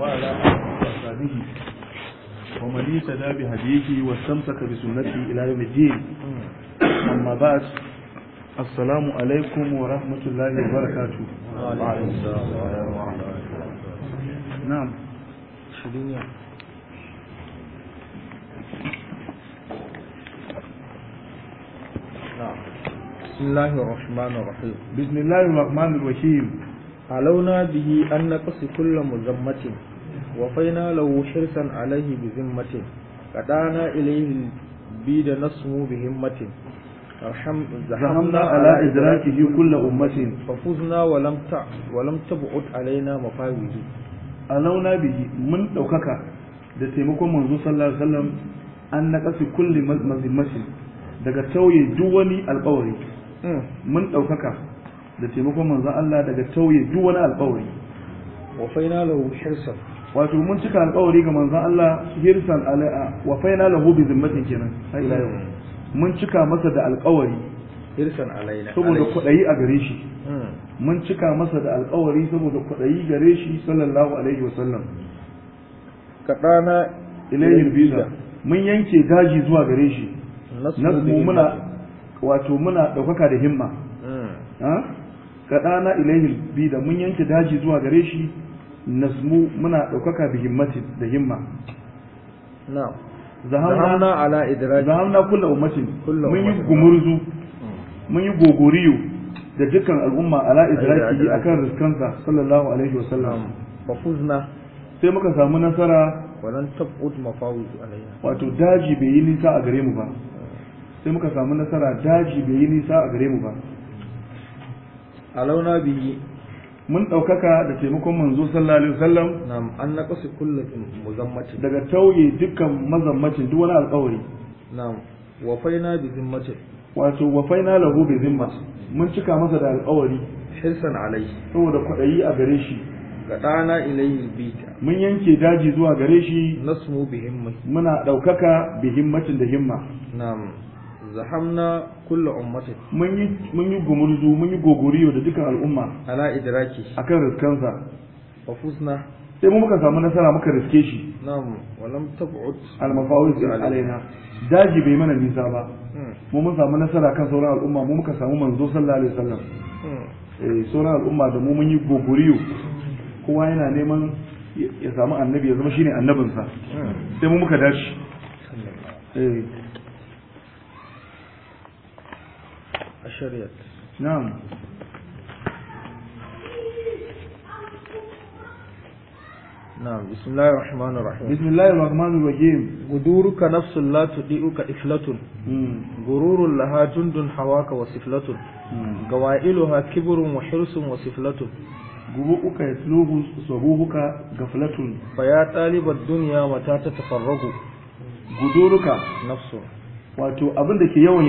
وعلى أصحابه ومن يتدى بهديه واستمسك بسنته إلى يوم الدين أما بعد السلام عليكم ورحمة الله وبركاته وعليكم السلام ورحمة الله وبركاته نعم شديد بسم الله الرحمن الرحيم بسم الله الرحمن الرحيم alauna bihi an naqsi kullu muzammatin wa faina lahu hirsan alaihi bi zimmatin qadana ilayhi bi da nasmu bi himmatin زحمنا على إدراكه كل أمة ففزنا ولم ت... ولم تبعد علينا مفاوزه ألونا به من دوكك da taimakon manzo sallallahu alaihi an naqasi kulli mazimmatin daga tauye duk wani alƙawari mm. mun ɗaukaka da taimakon manzan Allah daga tauye duk wani alƙawari wa faina lahu hirsan wato mun cika alƙawari ga manzan Allah hirsan alai'a wa faina lahu bi zimmatin kenan sai yau mun cika masa da alƙawari hirsan alaina saboda kudayi a gare shi hmm. mun cika masa da alƙawari saboda kudayi gare shi sallallahu alaihi wasallam kadana ilayhi biza mun yanke gaji zuwa gare shi nasu muna wato muna ɗaukaka da himma hmm. ah? kadana ilaihi bi da mun yanke daji zuwa gare shi nasmu muna daukaka bi himmati da himma zahamna ala idraki zahamna kullu ummatin mun yi gumurzu hmm. mun yi gogoriyo da dukkan al'umma ala idraki akan riskansa sallallahu alaihi wa sallam sai muka samu nasara wato daji ba daji bai yi nisa a gare mu ba alauna biyi. mun ɗaukaka da taimakon manzo sallallahu alaihi wasallam na'am an naqasu kullatin muzammatin daga tauye dukkan mazammacin duk wani alƙawari na'am wa faina bi zimmatin wato wa faina lahu bi zimmati mun cika masa da alƙawari hirsan alai saboda kwaɗayi a gare shi ga ɗana ilayhi bita mun yanke daji zuwa gare shi nasmu bi himmati muna ɗaukaka bi himmatin da himma na'am zahamna kullu ummatin mun yi mun yi gumurzu mun yi gogoriyo da dukkan al'umma ala idraki akan sai muka samu nasara muka riske shi daji bai mana nisa ba hmm. mu mun samu nasara kan sauran al'umma mu muka samu manzo sallallahu alaihi hmm. eh, sauran al'umma da mu mun yi gogoriyo kowa yana neman ya samu annabi ya zama shine annabinsa hmm. sai muka dace الشريعة نعم نعم بسم الله الرحمن الرحيم بسم الله الرحمن الرحيم غدورك نفس لا تضيئك إفلة غرور لها جند حواك وسفلة قوائلها كبر وحرص وسفلة غبوك يتلوه صبوهك غفلة فيا طالب الدنيا متى تتفرغ غدورك نفس واتو abin da ke yawan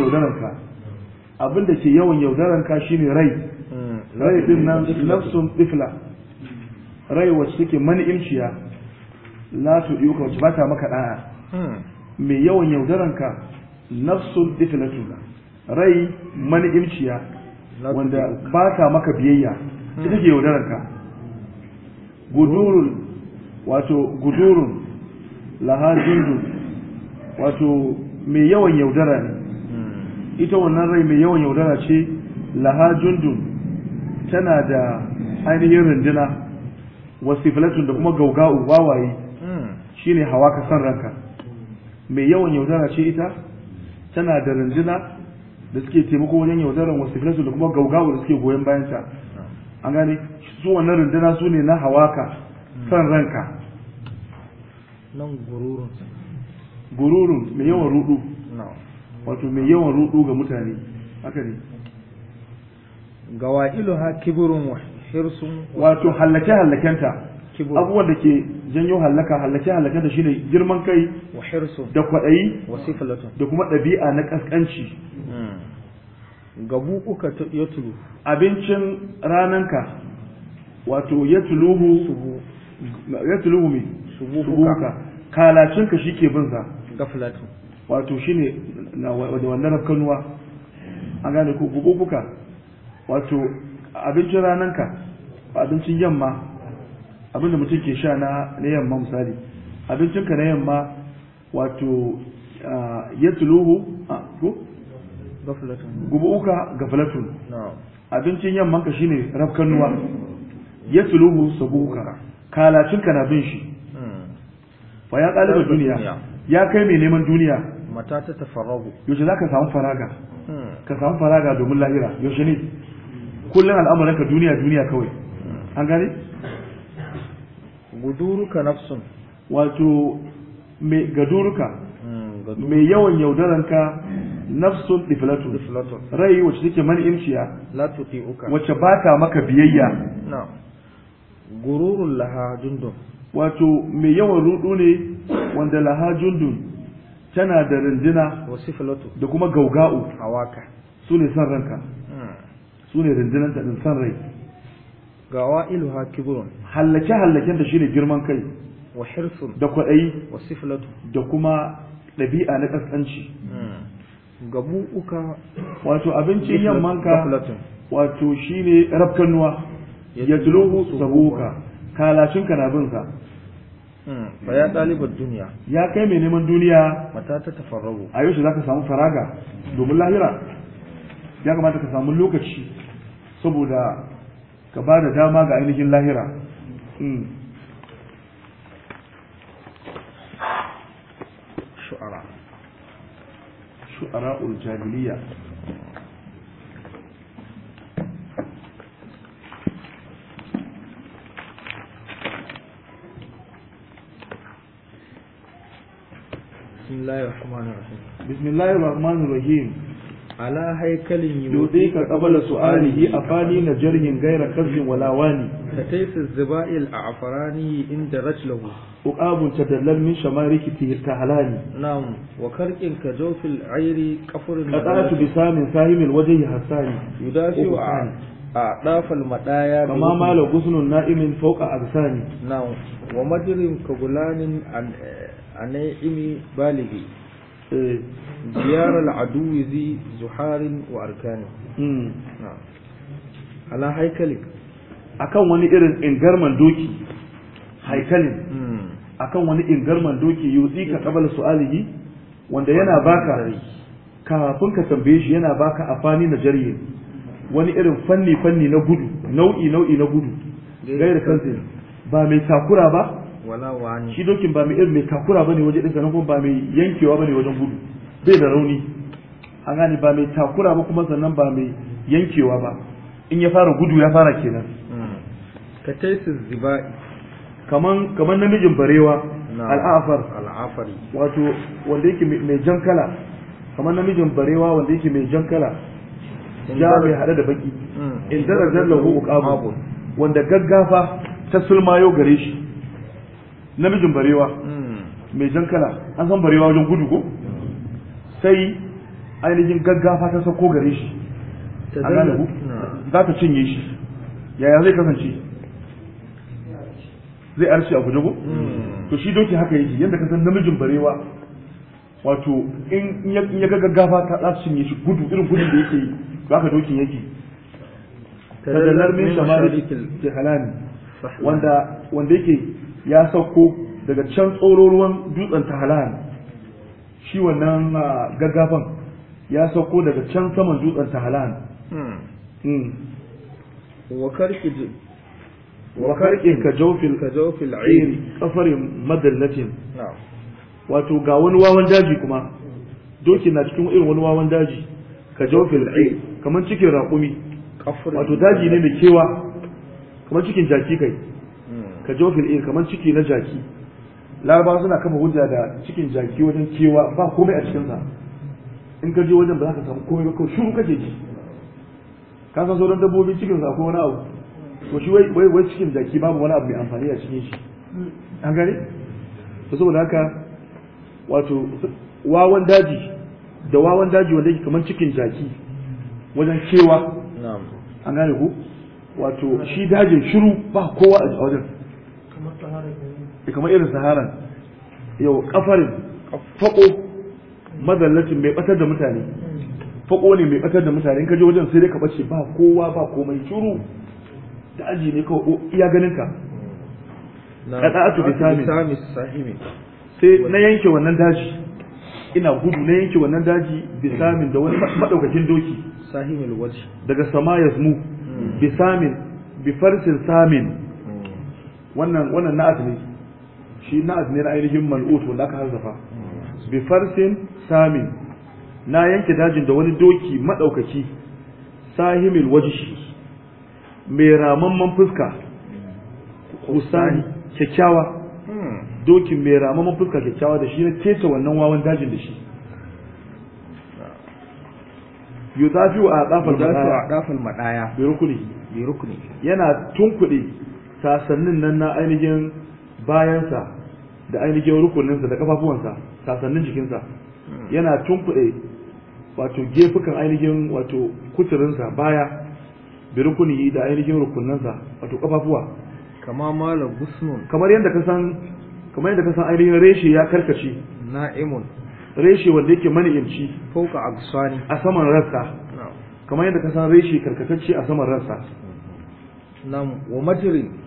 abin da ke yawan yaudaranka ka shine rai hmm, rai din nan nafsun tifla rai wacce take mani'imciya la tu yuka wacce bata maka da'a mai hmm. yawan yaudaranka ka nafsun tiflatu rai mani'imciya wanda bata maka biyayya ita take yaudaranka. ka gudurun wato gudurun laha wato mai yawan yaudara ne ita wannan rai mai yawan yaudara ce laha jundun tana da ainihin runduna wasifilatun da kuma gauga'u wawaye hmm. shine hawa ka san ranka mai yawan yaudara ce ita tana da runduna da suke taimako wajen yaudaran wasifilatun da kuma gauga'u da suke goyon bayanta an gane su wannan runduna su ne na hawaka hmm. san ranka nan gururun gururun mai yawan rudu wato mai yawan rudu ga mutane haka ne gawailuha kibrun wa hirsu wato hallake hallakenta abubuwan da ke janyo hallaka hallake hallakenta shine girman kai wa hirsu da kwadayi wa sifalatu da kuma dabi'a na kaskanci hmm. gabu uka yatulu abincin rananka wato yatuluhu yatuluhu mi subuka kalacinka shike bin sa gaflatu wato shine na da wannan kanuwa an gane ko gugubuka wato abincin rananka abincin yamma abinda mutum ke sha na yamma misali abincinka na yamma wato ya tuluhu a ko? gubuka gafalatun abincin yamman ka shine rafkanuwa ya tuluhu sabuka kalacin Kalacinka na bin shi hmm. fa ya ɗalibar duniya ya kai mai neman duniya mata ta faragu. yaushe za ka samu faraga hmm. ka samu faraga domin lahira yaushe ne kullum al'amuran ka duniya duniya kawai hmm. an gane guduruka nafsun wato me gaduruka hmm, me yawan yaudaranka nafsun diflatun rai wacce take mani imciya wacce ba ta maka biyayya gururun laha jundun wato mai yawan rudu ne wanda laha jundun tana da rinjina da kuma gauga'u su ne san ranka hmm. su ne rinjinan ta din san rai gawa ilu ha kibrun hallake hallaken da shine girman kai wa hirsun da kwaɗayi wa da kuma ɗabi'a na ƙasƙanci hmm. gabu uka wato abincin yammanka wato shine rafkanuwa ya tuluhu sabuka kalashinka na bin Hmm, ya ɗalibar duniya ya kai mai neman duniya mata ta tafarrago a yau za ka samu faraga domin lahira ya kamata ka samu lokaci saboda ka ba da dama ga ainihin lahira hmm. shu'ara shu'ara ul bismillahir rahmanir rahim bismillahir rahmanir rahim ala haikalin yudi ka qabala a fani na jarhin gaira kazbin wala wani kataysa ziba'il a'farani inda rajlahu uqabun tadallal min shamariki tihalani na'am wa karqin ka jawfil ayri qafrun qadatu bisamin sahimil wajhi hasani yudafi wa أعطاف المدايا كما مال غصن نائم فوق أغساني نعم ومجرم كغلان عن Ana النائم بالغي ديار العدو ذي زحار وأركان نعم على هيكلك akan wani irin ingarman doki haikalin akan wani ingarman doki yuzi ka kabala alihi wanda yana baka kafin ka tambaye shi yana baka afani na jariye wani irin fanni fanni na gudu nau'i nau'i na gudu gaira kanzin ba mai takura ba shi dokin ba mai irin mai takura bane waje ɗinka sanan kuma ba mai yankewa bane wajen gudu bai da rauni an gane ba mai takura ba kuma sannan ba mai yankewa ba in ya fara gudu ya fara kenan hmm. ka taisu zibai kaman kaman namijin barewa al'afar al'afari wato wanda yake mai jan kala kaman namijin barewa wanda yake mai jan kala ya mai hada da baki hmm. in darajar lahu uqabu wanda gaggafa ta sulma yau gare shi namijin barewa hmm. mai jan kala an san barewa wajen gudu ko sai ainihin gaggafa ta sauko gare shi A za ta cinye shi yaya zai kasance zai arshi a guje ko hmm. to shi doki haka yake yadda ka san namijin barewa wato in ya ga gaggafa ta za ta cinye shi gudu irin gudun da yake yi ba ka dokin yake tadallar min shamari ke halani wanda wanda yake ya sauko daga can tsororuwan dutsen ta halal shi wannan ah, gaggafan ya sauko daga can saman dutsen ta halal hmm. hmm. wa karkin ka jaufin ka jawfil ayn kafarin wato ga wani wawan daji kuma doki na cikin irin wani wawan daji ka jaufin ayn kamar cikin raƙumi wato daji ne mai kewa kamar cikin jaki kai ka jofil ir kamar ciki na jaki larabawa suna kama hujja da cikin jaki wajen kewa ba komai a cikinsa in ka je wajen ba za ka samu komai ba ko shuru kake ji ka san sauran dabbobi cikin sa ko wani abu to shi wai wai wai cikin jaki babu wani abu mai amfani a cikin shi an gane to saboda haka wato wawan daji da wawan daji wanda yake kamar cikin jaki wajen kewa an gane ku wato shi dajin shiru ba kowa a wajen kamar irin saharan yau kafarin fako mazallacin mai batar da mutane fako ne mai batar da mutane in ka je wajen sai dai ka bace ba kowa ba komai shuru da aji ne kawai iya ganin ka qada'atu bisami sahibi sai na yanke wannan daji ina gudu na yanke wannan daji bisamin da wani madaukakin doki sahimul wajh daga sama yazmu bisamin hmm. bifarsin samin hmm. wannan wannan na'at ne shi na ne na ainihin mal'utu wanda aka harzafa bi farsin samin na yanke dajin da wani doki madaukaki sahimil Wajishi, mai ramamman fuska kusani kyakkyawa hmm. dokin mai ramamman fuska kyakkyawa da shi na keta wannan wawan dajin da shi yudafi'u a dafal madaya bi rukuni yana tunkuɗe sasannin nan na ainihin bayansa da ainihin rukuninsa da kafafuwansa sasannin jikinsa yana tunkuɗe wato gefukan ainihin wato kuturinsa baya bi rukuni da ainihin rukuninsa wato kafafuwa kama malam gusnun kamar yadda ka san kamar yadda ka san ainihin reshe ya karkace na'imun reshe wanda yake mani'inci fauka gusani. a saman rassa kamar yadda ka san reshe karkatacce a saman rassa na wa majrin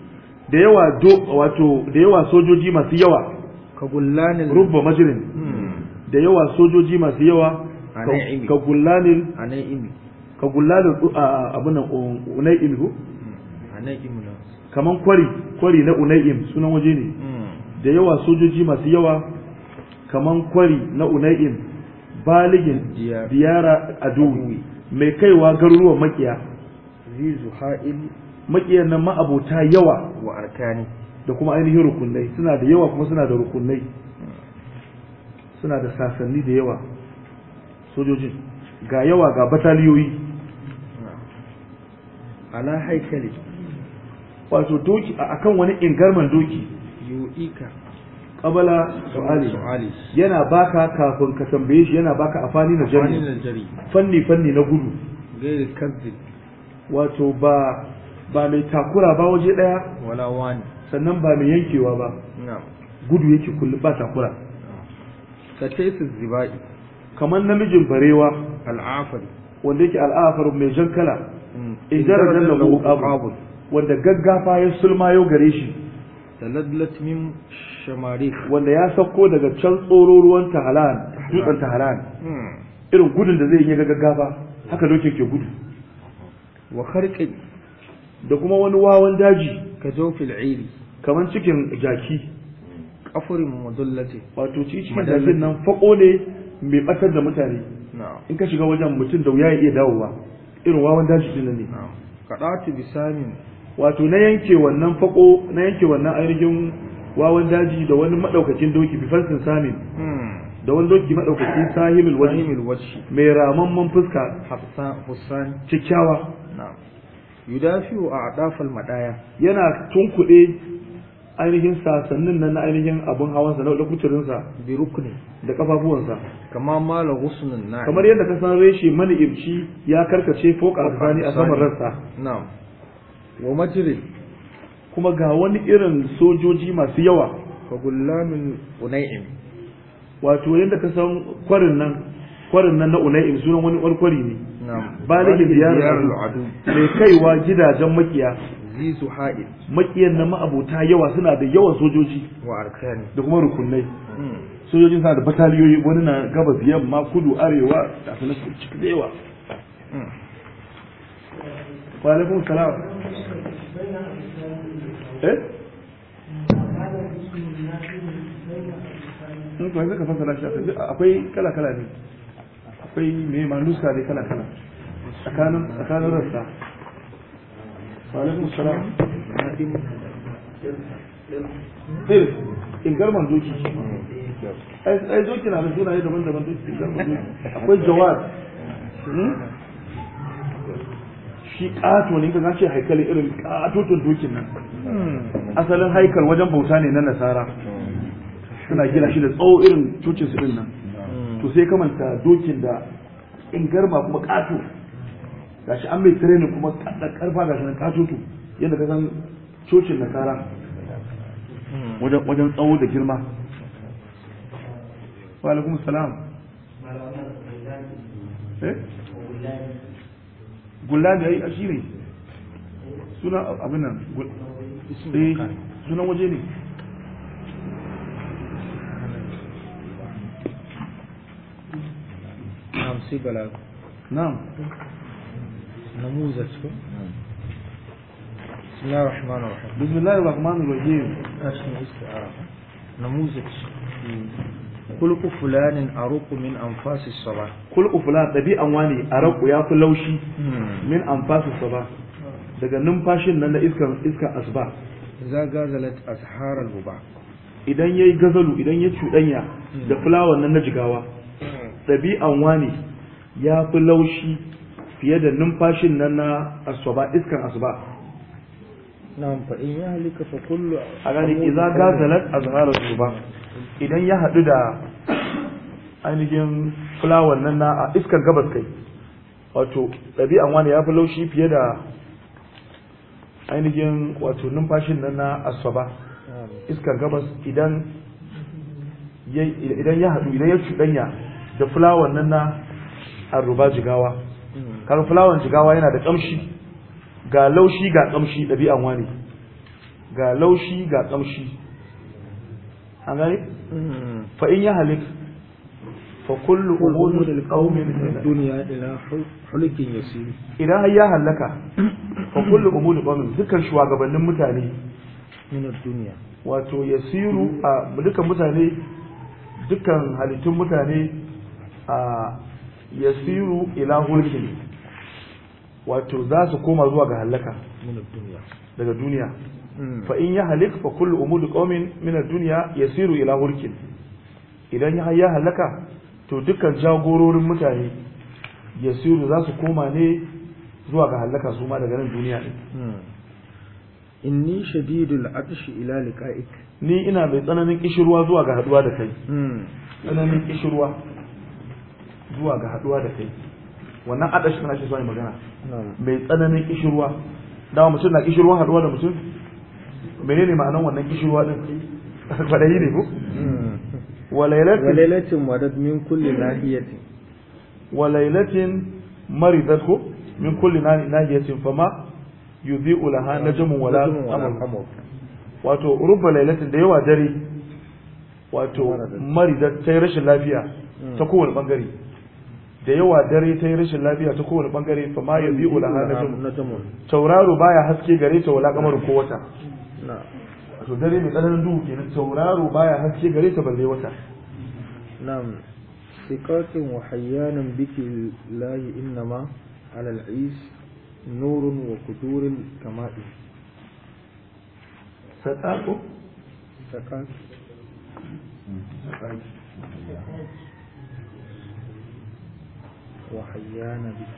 da yawa do wato da yawa sojoji masu yawa ka gullanil rubba majrin hmm. da yawa sojoji masu yawa ka gullanil anaimi ka gullanil abunan unaim ko hmm. anaim kaman kwari kwari na unaim sunan waje ne hmm. da yawa sojoji masu yawa kaman kwari na unaim baligin diyara adu mai kaiwa garuruwan makiya zizu ha'il makiyan nan ma'abota yawa wa arkani da kuma ainihin rukunai suna da yawa kuma suna da rukunai suna da sasanni da yawa sojojin ga yawa ga bataliyoyi ala haikali wato doki akan wani ingarman doki yu'ika kabala su'ali yana baka kafin ka tambaye shi yana baka a fani na jari fanni fanni na gudu wato ba ba mai takura ba waje daya wala wani sannan ba mai yankewa ba gudu yake kullum ba takura ka ce su zibai kamar namijin barewa al'afar wanda yake al'afar mai jan kala mm. idan da lahu abu wanda gaggafa ya sulma yau gare shi taladlat min shamari wanda ya sauko daga can tsoro ruwan tahalan dutsen tahalan mm. irin gudun da zai yi gaggafa haka doke ke gudu wa kharqi da kuma wani wawan daji ka jofil ili kaman cikin jaki kafurin mudullati wato cikin jakin nan fako ne mai batar da mutane in ka shiga wajen mutum da wuya ya iya dawowa irin wawan daji din ne kadati bisamin wato na yanke wannan fako na yanke wannan ainihin wawan daji da wani madaukakin doki fansin samin hmm. da wani doki madaukakin sahimil wajhi mai ramamman fuska hafsan cikyawa yudafiu a adafal madaya yana tunkuɗe ainihin sasannin nan na ainihin abun hawansa na kuturinsa bi rukni da kafafuwansa kama mala husnun na kamar yadda ka san reshe mani ibci ya karkace foka asani a saman rassa. na'am wa majri kuma ga wani irin sojoji masu yawa fa gullamin unai'im wato yadda ka san kwarin nan kwarin nan na ulai'im sunan wani kwari ne balikin diyar mai kaiwa gidajen makiya zisu ha'il makiyan na ma'abota yawa suna da yawan sojoji da kuma rukunai hmm. sojojin suna da bataliyoyi wani na gabas yamma kudu arewa da su nasu cikin da yawa hmm. walaikum salam eh in kuma zaka fasara shi akwai kala kala ne akwai mai manuska da kala kala tsakanin tsakanin rassa alaikum salam sir in garman doki ai doki na da yi daban daban doki in doki akwai jawad hmm? shi kato ne ka ce haikali irin katotun dokin nan asalin haikal wajen bauta ne na nasara suna gina shi da tsawo irin cocin su nan to sai ta dokin da in garma kuma kato gashi an mai training kuma karfa gashi nan kato to yadda ka san cocin nasara wajen wajen tsawo da girma wa alaikum salam eh gullani ai ashiri suna abin nan eh, sunan waje ne sai balaga نعم نموذج بسم الله الرحمن الرحيم بسم الله الرحمن الرحيم اسم استعاره نموذج خلق فلان اروق من انفاس الصباح خلق فلان دبي انواني اروق يا فلوشي من انفاس anfasi hmm. daga numfashin nan da iskan iskan asba za gazalat ashar al buba idan yayi gazalu idan ya cudanya da hmm. fulawar nan na jigawa dabi'an hmm. wani ya fi laushi fiye da numfashin nan na asuba iskan asuba na'am fa in ya halika fa kullu a gani idza gazalat azhar asuba idan ya hadu da ainihin fulawar nan na iskan gabas kai wato ɗabi'an wani ya fi laushi fiye da ainihin wato numfashin nan na asuba iskan gabas idan idan ya hadu idan ya cuɗanya da fulawar nan na arruba jigawa kan fulawan jigawa yana da kamshi ga laushi ga kamshi ɗabi'an wani ga laushi ga kamshi an gani mm-hmm. fa in ya halik fa kullu umurul qaumi min dunya ila hulukin yasiri idan ya halaka fa kullu umurul qaumi dukkan shugabannin mutane min dunya wato yasiru a dukkan mutane dukkan halittun mutane a yasiru ila hulkin wato za su koma zuwa ga halaka daga duniya hmm. fa in ya halik fa kullu umudu qawmin min ad-dunya yasiru ila hulkin idan ya ya halaka to dukkan jagororin mutane yasiru za su koma ne zuwa ga halaka su ma daga nan duniya din hmm. inni shadidul atshi ila liqa'ik ni ina mai tsananin kishirwa zuwa ga haduwa da kai hmm. tsananin kishirwa zuwa ga haduwa da kai wannan adashi kana shi so magana mai tsananin kishirwa dawa mutum na kishirwa haduwa da mutum menene ma'anar wannan kishirwa din kwadayi ne ko hmm. walailatin wadad min kulli nahiyatin walailatin maridat ko min kulli nahiyatin fama yudhi'u laha najmun wala amal wato rubba lailatin da yawa dare wato maridat sai rashin lafiya hmm. ta kowane bangare da yawa dare ta yi rashin lafiya ta kowane bangare fa ma yanzu ula na tauraro baya haske gare ta wala kamar ko wata to dare mai tsananin duhu kenan tauraro baya haske gare ta balle wata na'am siqatin wa hayyanan biki lahi ma ala al'is nurun wa kudurin kama'i sadaqo وحيانا بك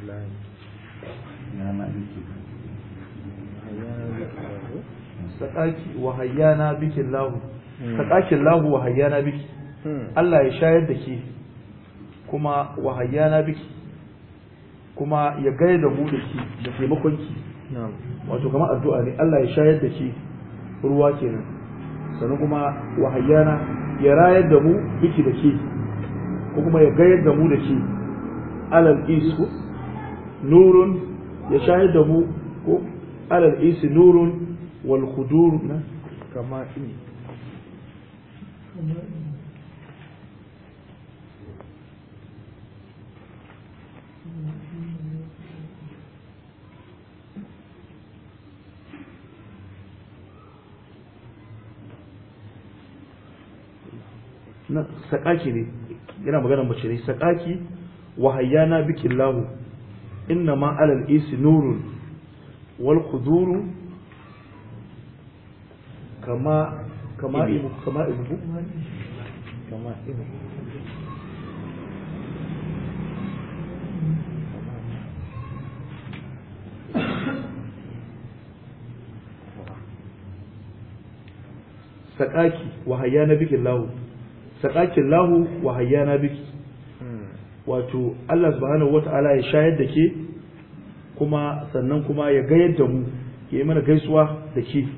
حيانا بك وحيانا بك الله سقاك الله وحيانا بك Allah ya بك كما ke kuma كما biki kuma ya gaya da mu da ke da taimakon ki wato kamar addu'a ne Allah ya shayar da ke ruwa kenan sannan kuma wahayyana ya rayar da mu biki da ke ko kuma ya gayar da mu da ke alal isu nurun ya shahid da mu ko alal isi nurun wal hudur na kama ini na sakaki ne yana magana mace ne sakaki وهيانا بك الله إنما على الإيس نور والقدور كما كما إبو كما إبو كما إبو سقاكي وهيانا بك الله سقاكي الله وهيانا بك wato Allah subhanahu wata'ala ya shayar da ke kuma sannan kuma ya gayar da mu ya yi mana gaisuwa da ke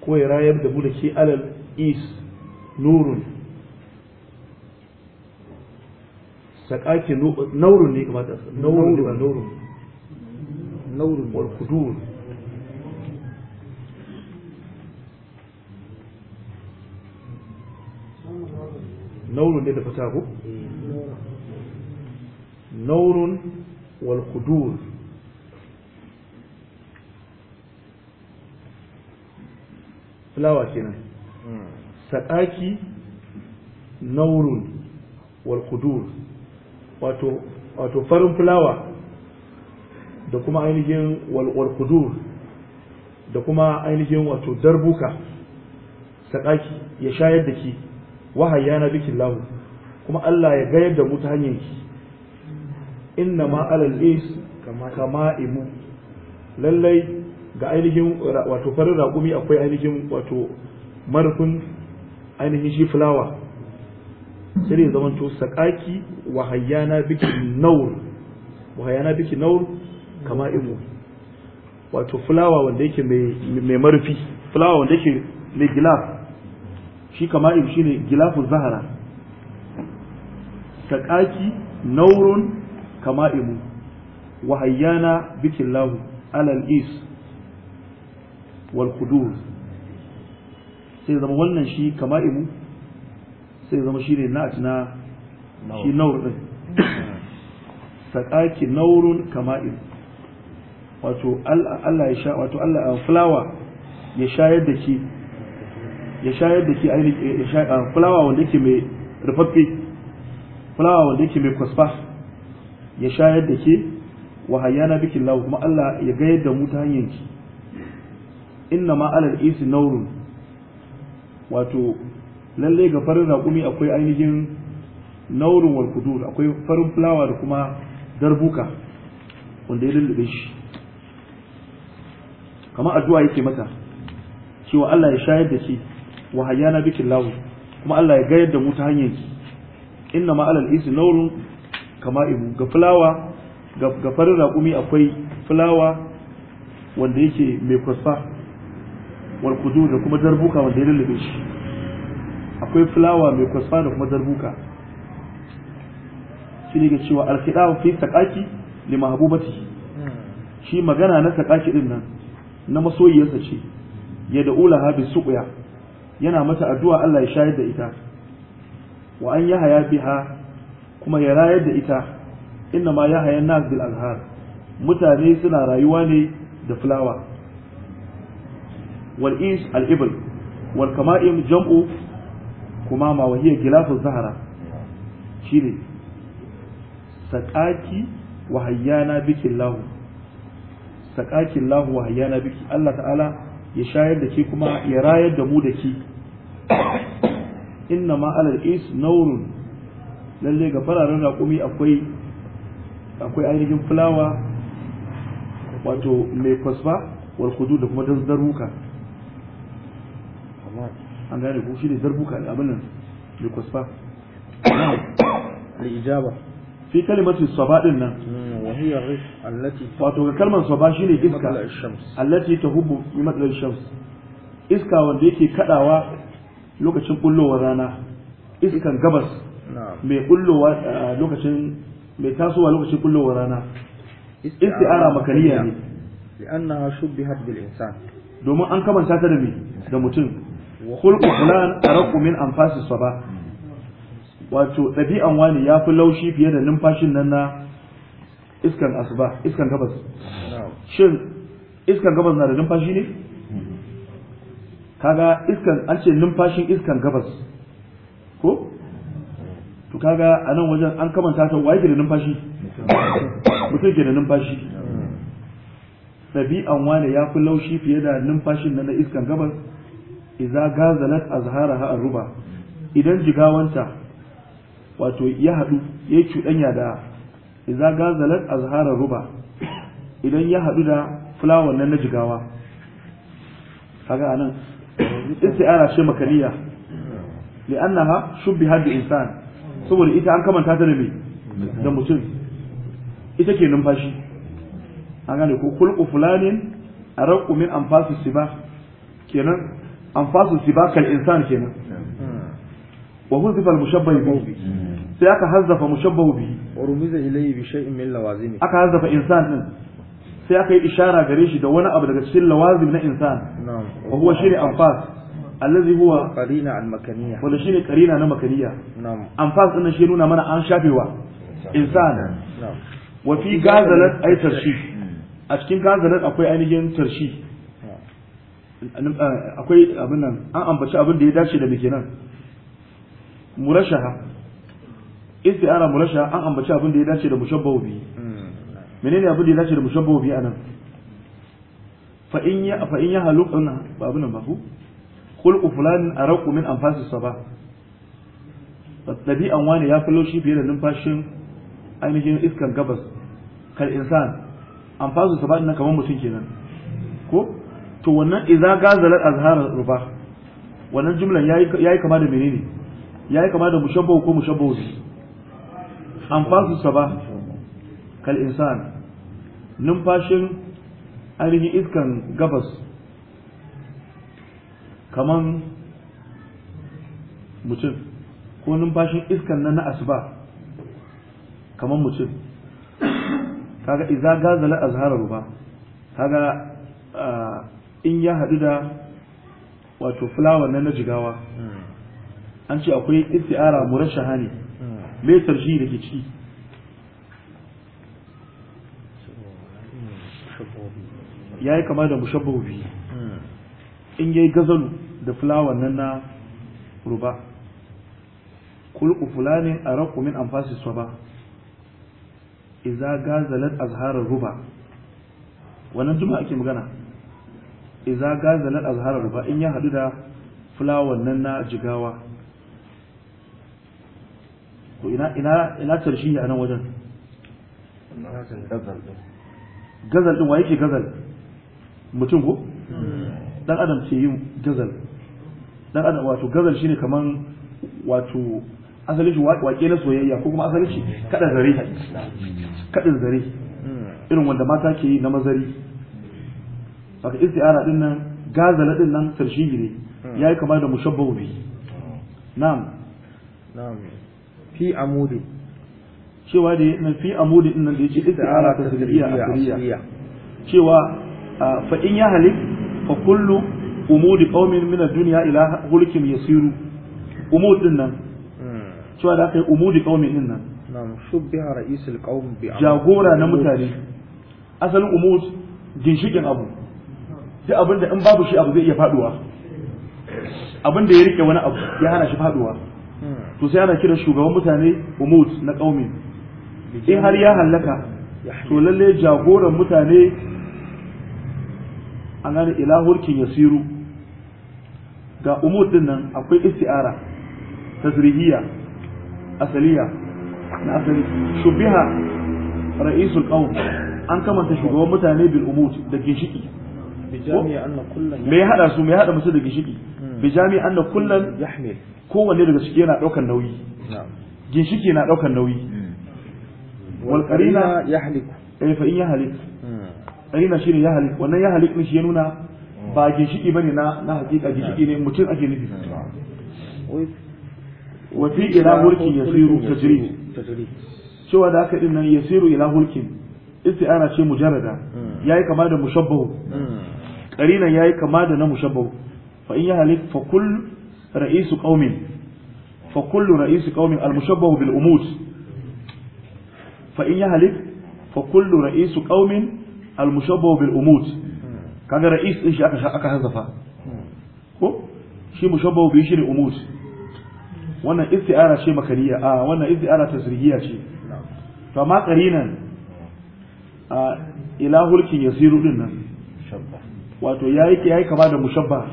ko ya rayar da mu da ke alal is nurun sakaki naurun ne naurun naurun naurun wal kudur naurun ne da fata ko mm. نور والقدور fulawa kenan saƙaƙi naurun wal kudur wato farin fulawa da kuma ainihin wal da kuma ainihin wato darbuka saƙaƙi ya shayar da ki wahayya na bikin lahu kuma Allah ya gayar da mu ta hanyar ki inna ma alal is kama imu lallai ga ainihin wato farin raƙumi akwai ainihin wato marfin ainihin shi fulawa sai ya zamanto sakaki wa hayyana biki naur wa hayyana biki naur kama imu wato fulawa wanda yake mai marfi fulawa wanda yake mai gilaf shi kama imu shine gilafun zahara sakaki naurun kama'imu wa hayyana bikillahu alal is wal qudur sai zama wannan shi kama'imu sai zama shi ne na shi naur din sakaki naurun kama'im wato Allah ya sha wato Allah uh, fulawa ya shayar da ki ya shayar da ki ainihin uh, fulawa wanda yake mai rufaffe fulawa wanda yake mai kwasfa ya shayar da ke wa hayyana biki Allah kuma Allah ya gayar da mu ta hanyar ki inna ma alal isi naurun wato lalle ga farin raƙumi akwai ainihin naurun wal kudur akwai farin fulawa da kuma darbuka wanda ya lullube shi kamar addu'a yake mata cewa Allah ya shayar da ke wa hayyana biki Allah kuma Allah ya gayar da mu ta hanyar ki inna ma alal isi naurun kama ibu ga fulawa ga farin raƙumi akwai fulawa wanda yake mai kwasfa wal kudu da kuma zarbuka wanda ya lullube shi akwai fulawa mai kwasfa da kuma zarbuka. shi ne ga cewa alkiɗa fi taƙaki li mahabubati shi magana na taƙaki din nan na masoyiyarsa ce ya da ula bi suƙuya yana mata addu'a Allah ya shayar da ita wa an yahaya biha kuma ya rayar da ita inna ma ya hayan nas bil azhar mutane suna rayuwa ne da fulawa wal is al ibl wal kama'im jam'u kuma ma wahiya gilafu zahara shine sakaki wa hayyana biki Allah sakakin lahu wa hayyana biki Allah ta'ala ya shayar da ke kuma ya rayar da mu da ki inna ma alal is naurun lalle ga fararen raƙumi akwai akwai ainihin fulawa wato mai kwasfa wal kudu da kuma zarbuka an gane ko ne darbuka abin nan mai kwasfa al-ijaba fi kalimatu saba din nan hmm, wato ga kalmar saba ne iska allati hubu mai matsalar shams iska wanda yake kadawa lokacin kullowar rana iskan gabas mai kullowa eh, lokacin mai tasowa lokacin kullowar rana isti'ara makaniya ne li'anna shubbihat bil insan domin an kamanta ta da me da mutum khulqu fulan araqu min anfasis ba. wato ɗabi'an wani ya fi laushi fiye da numfashin nan na iskan asuba iskan gabas shin iskan gabas na da numfashi ne kaga iskan an ce numfashin iskan gabas ko kaga a nan wajen an kamanta ta waye ke numfashi mutum ke da numfashi ɗabi'an wane ya fi laushi fiye da numfashin na na iskan gabas idza gazalat ha arruba idan jigawanta wato ya haɗu ya cuɗanya da idza gazalat azhara ruba idan ya haɗu da fulawar nan na jigawa kaga anan isti'ara ce makaniya li'annaha shubbiha bi insan saboda ita an kamanta ta da me da mutum ita ke numfashi an gane ko kulku fulanin arqu min anfasu siba kenan anfasu siba kal insan kenan wa huzifa al mushabbah bi sai aka hazzafa mushabbah bi wa rumiza ilayhi bi shay'in min lawazimi aka hazzafa insan din sai aka yi ishara gare shi da wani abu daga cikin lawazim na insan wa huwa shay'in anfas allazi huwa qarina al makaniya wanda shine qarina na makaniya na'am anfas din shi nuna mana an shafewa insan wa fi gazalat ay tarshi a cikin gazalat akwai ainihin tarshi akwai abin nan an ambaci abin da ya dace da muke nan murashaha isti'ara murashaha an ambaci abin da ya dace da mushabbahu bi menene abin da ya dace da mushabbahu bi anan fa in ya fa in ya haluquna ba abin nan ba ku kulku fulani a raƙu min amfasis sa ba ɗabi'an wani ya fi laushi fiye da numfashin ainihin iskan gabas kal insan amfasis sa ba ina kamar mutum kenan ko to wannan idza gazalat azhar ruba wannan jumlan yayi yi kama da menene yayi kama da mushabbahu ko mushabbahu amfasis sa ba kal insan numfashin ainihin iskan gabas kaman mutum ko numfashin iskan nan na asuba kaman mutum kaga idza gazala azhara ruba kaga in ya hadu da wato fulawa nan na jigawa an ce akwai isti'ara murashaha ne mai tarshi da ke ciki yayi kama da mushabbahu bi. in yayi gazalu da fulawan nan na ruba kulku fulanin araku min anfasi saba idza gazalat azharar ruba wannan juma ake magana idza gazalat azharar ruba in ya hadu da fulawan nan na jigawa ko ina ina ina tarshi a nan wajen gazal din wa yake gazal mutum ko hmm. dan adam ke yin gazal dan adam wato gazal shine kaman wato asalin shi wake na soyayya ko kuma asalin shi kada zare ta kada zare irin wanda mata ke yi na mazari saka isti'ara din nan gazala din nan tarshigi ne hmm. yayi kamar da mushabbahu bi na'am na'am fi amudi cewa da na fi amudi din nan da yake isti'ara ta sirriya cewa fa in ya halik fa kullu umudi qaumin min duniya ila hulkin ya siru. din nan hmm. cewa da kai umudi qaumin din nan na'am shubbiha jagora na mutane asalin umud ginshikin abu sai abinda in babu shi abu zai iya faduwa abinda ya rike wani abu ya hana shi faduwa hmm. to sai ana kiran shugaban mutane umud na qaumin in har ya hallaka to lalle jagoran mutane an gane ila hulkin yasiru ga umur din nan akwai isti'ara tasrihiya asaliya na asali shubiha ra'isul qawm an kamanta shugaban mutane bil umut da gishiki me ya hada su me ya hada musu da gishiki hmm. bi jami'a anna kullan yahmil kowanne daga ciki yana daukan nauyi ginshiki na daukan nauyi hmm. wal ya halittu. eh fa rina shi ne ya halik wannan ya halik ne shi ya nuna ba ginshiki ba ne na hakika ginshiki ne mutum ake nufi wa fi ila hulkin yasiru tajri cewa da aka din nan yasiru ila hulkin isti'ara ce mujarrada yayi kama da mushabbahu qarinan yayi kama da na mushabbahu fa in ya halik fa kull ra'isu qaumin fa kullu ra'isu qaumin al mushabbahu bil umud fa in ya halik fa kullu ra'isu qaumin al-mushabbahu bil umut kaga ra'is din shi aka aka hazafa ko shi mushabbahu bi shi umut wannan isti'ara ce makaniya a wannan isti'ara tasrihiya ce to amma qarinan a ila hulkin yasiru din nan wato yayi yayi kama da mushabba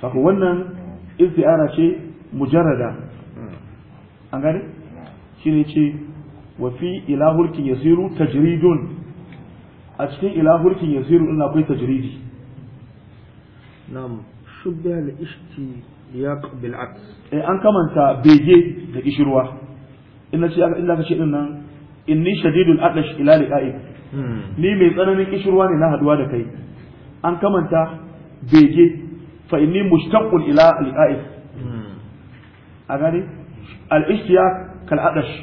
sako wannan isti'ara ce mujarrada an gane shi ne ce wa fi ila hulkin yasiru tajridun a cikin ila hulkin yasiru ina akwai tajridi na'am shubda al-ishti yaq bil aks eh an kamanta bege da kishirwa inna ce inda ka ce din nan inni shadidul aqsh ila liqa'i hmm. ni mai tsananin kishirwa ne na haduwa da kai an kamanta bege fa inni mushtaqul ila liqa'i hmm. a gani al-ishtiyaq kal aqsh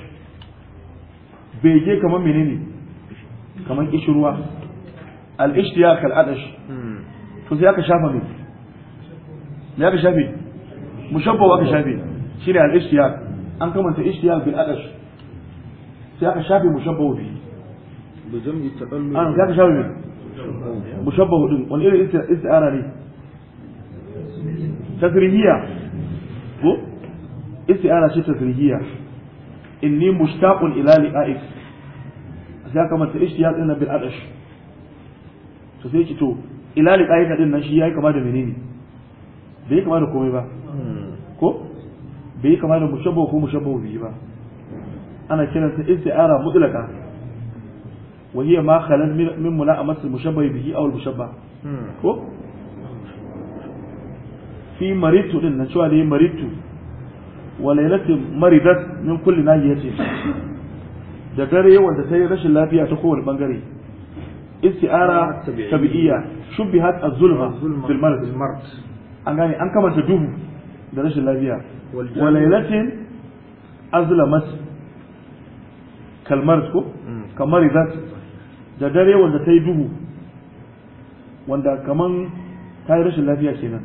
bege kamar menene kamar kishirwa al hmm. to sai aka shafa mai aka shafe mushabba aka shafe an kamanta ishtiya bil adash sai aka shafe mushabba ah, aka shafe mushabba wani irin isti'ara ne tasrihiya ko isti'ara ce tasrihiya inni mushtaqun ila ya mata ishtiyaq ya tsina bil adash to sai ki to ila li qaida din nan shi yayi kama da menene bai kama da komai ba hmm. ko bai kama da mushabbahu ko mushabbahu bi ba ana kiran ta isti'ara mutlaqa wa hiya ma khalan min mula'amat al-mushabbah bihi aw al mushabba hmm. ko fi maritu din na cewa dai maritu wa lailatin maridat min kulli nahiyatin da dare wanda ta yi rashin lafiya ta kowane bangare isti'ara tabi'iyya shubbihat az-zulma bil marad an gane an kamanta duhu da rashin lafiya wa lailatin azlamat kalmar ko hmm. kamar idat da dare wanda ta yi duhu wanda kaman ta yi rashin lafiya kenan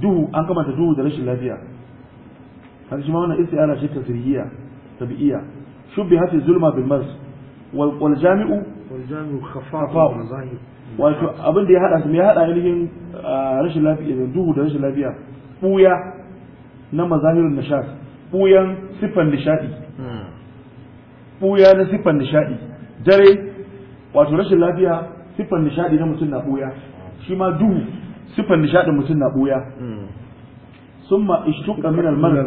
duhu an kamanta duhu da rashin lafiya har shi ma wannan isti'ara ce tasiriya tabi'iyya شبهت الظلمة بالمرس والجامع والجامع خفاء wato abin da ya hada su ya hada ainihin rashin lafiya da duhu da rashin lafiya buya na mazahirun nishad buyan siffan nishadi buya na siffan nishadi dare wato rashin lafiya siffan nishadi na mutum na buya shi ma duhu siffan nishadi mutum na buya summa ishtuqa min al-marad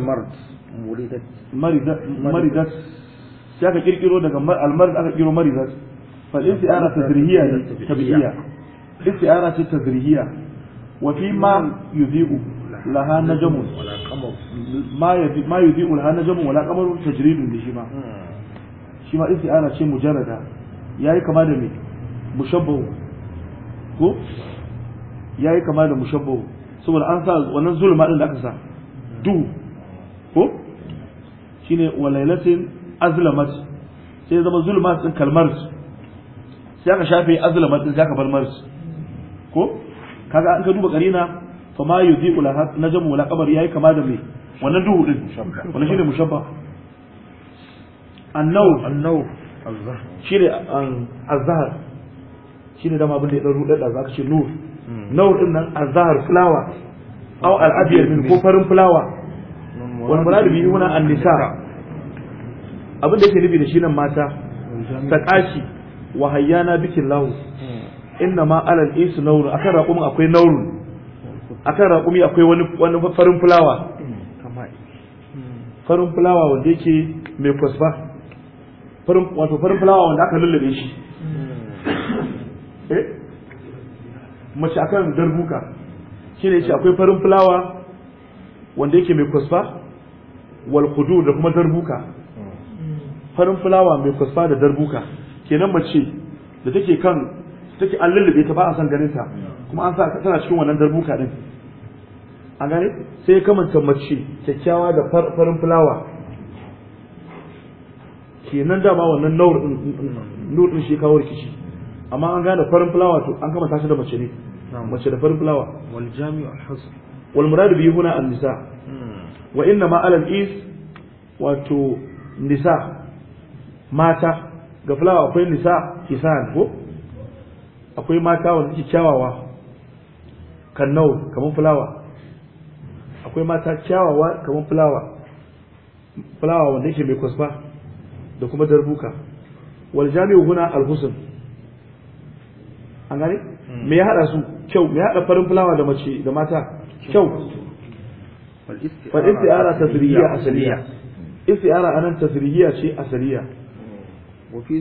maridat maridat sai aka kirkiro daga almarid aka kirkiro marizat fal isti'ara tadrihiya ne tabi'iya isti'ara ce tadrihiya wa fi ma yuzi'u laha najmun ma yuzi ma yuzi'u laha najmun wala qamarun tajridun ne shi ma shi ma isti'ara ce mujarrada yayi kama da me mushabbahu ko yayi kama da mushabbahu saboda an sa wannan zulma din da aka sa du ko shine walailatin azlamat sai zama zulmat din kalmar sai aka shafe azlamat din zaka bar mars ko kaga an ka duba karina fa ma yudhiqu laha najmu la qamar yayi kama da me wannan duhu din wannan shine mushabba annaw annaw azhar shine an azhar shine dama abin da ya daru da zaka ce nur hmm. nur din nan azhar flower aw al-abyad ko farin flower wal murad bi an-nisa abin da yake nufi da shi nan mata kashi wa hayyana bikin lahu inna ma alal isu nauru akan raƙumi akwai nauru akan raƙumi akwai wani wani farin fulawa farin fulawa wanda yake mai kwasfa farin wato farin fulawa wanda aka lullube shi eh mace akan darbuka shine yace akwai farin fulawa wanda yake mai kwasfa wal khudu da kuma darbuka farin fulawa mai kwasfa da darbuka kenan mace da take kan take an lullube ta ba a san ganin ta kuma an sa tana cikin wannan darbuka din a gane sai ya kamanta mace kyakkyawa da farin fulawa kenan dama wannan naur nur din shi kawo rikici amma an gane farin fulawa to an kamanta shi da mace ne mace da farin fulawa wal jami'u al hasr wal murad bihi huna an nisa hmm. wa inna ma al is wato nisa mata ga fulawa akwai nisa kisan ko akwai mata wanda ke kyawawa kan nau kamar fulawa akwai mata kyawawa kamar fulawa fulawa wanda yake mai kwasfa da kuma darbuka wal jami'u huna al an gane hmm. me ya hada su kyau me ya hada farin fulawa da mace da mata kyau wal isti'ara tasriya asaliya isti'ara anan tasriya ce asaliya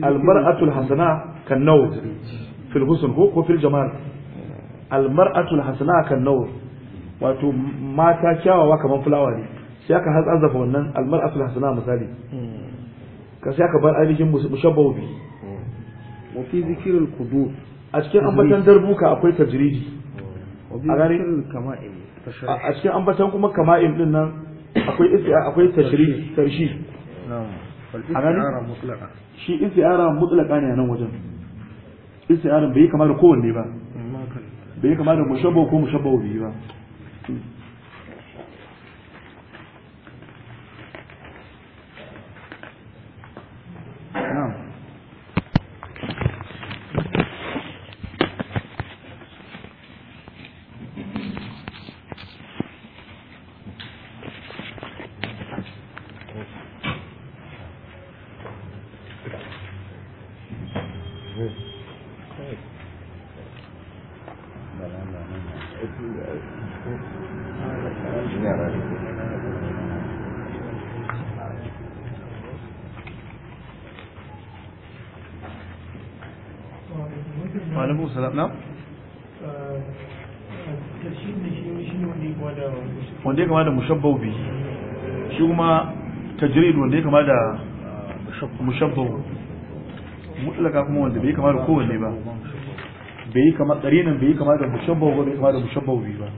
almar'atul hasana kan nawr fil husn ko ko fil jamal almar'atul hasana kan nawr wato mata kyawawa kaman fulawa ne sai aka hazzafa wannan almar'atul hasana misali ka sai aka bar ainihin mushabbahu bi wa fi zikril qudur a cikin ambatan darbuka akwai tajridi a gare a cikin ambatan kuma kama'im din nan akwai akwai tashri tarshi shi istiara mutlaka ne nan wajen istiara bai kama da kowanne ba bai kama da mushabba ko mushabba biyu ba malamu salam wanda ya kama da mushabbau bi shi kuma tajrid wanda ya kama da mushabbau mutlaka kuma wanda bai kamar kowanne ba bai kamar kama tsarinan bai kamar da mushabbau ba bai kamar da mushabbau mushabbahu ba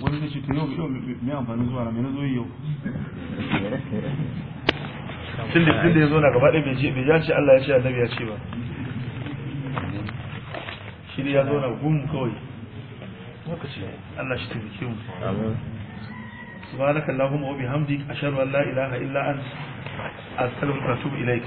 wani zai ce to yau yau mai amfani zuwa na mai na zo yau tun da tun da ya zo na gaba ɗaya bai ya ce Allah ya ce annabi ya ce ba shi ne ya zo na gum kawai lokaci Allah shi taimake mu amin subhanakallahumma wa bihamdik ashhadu an la ilaha illa anta astaghfiruka wa atubu ilaik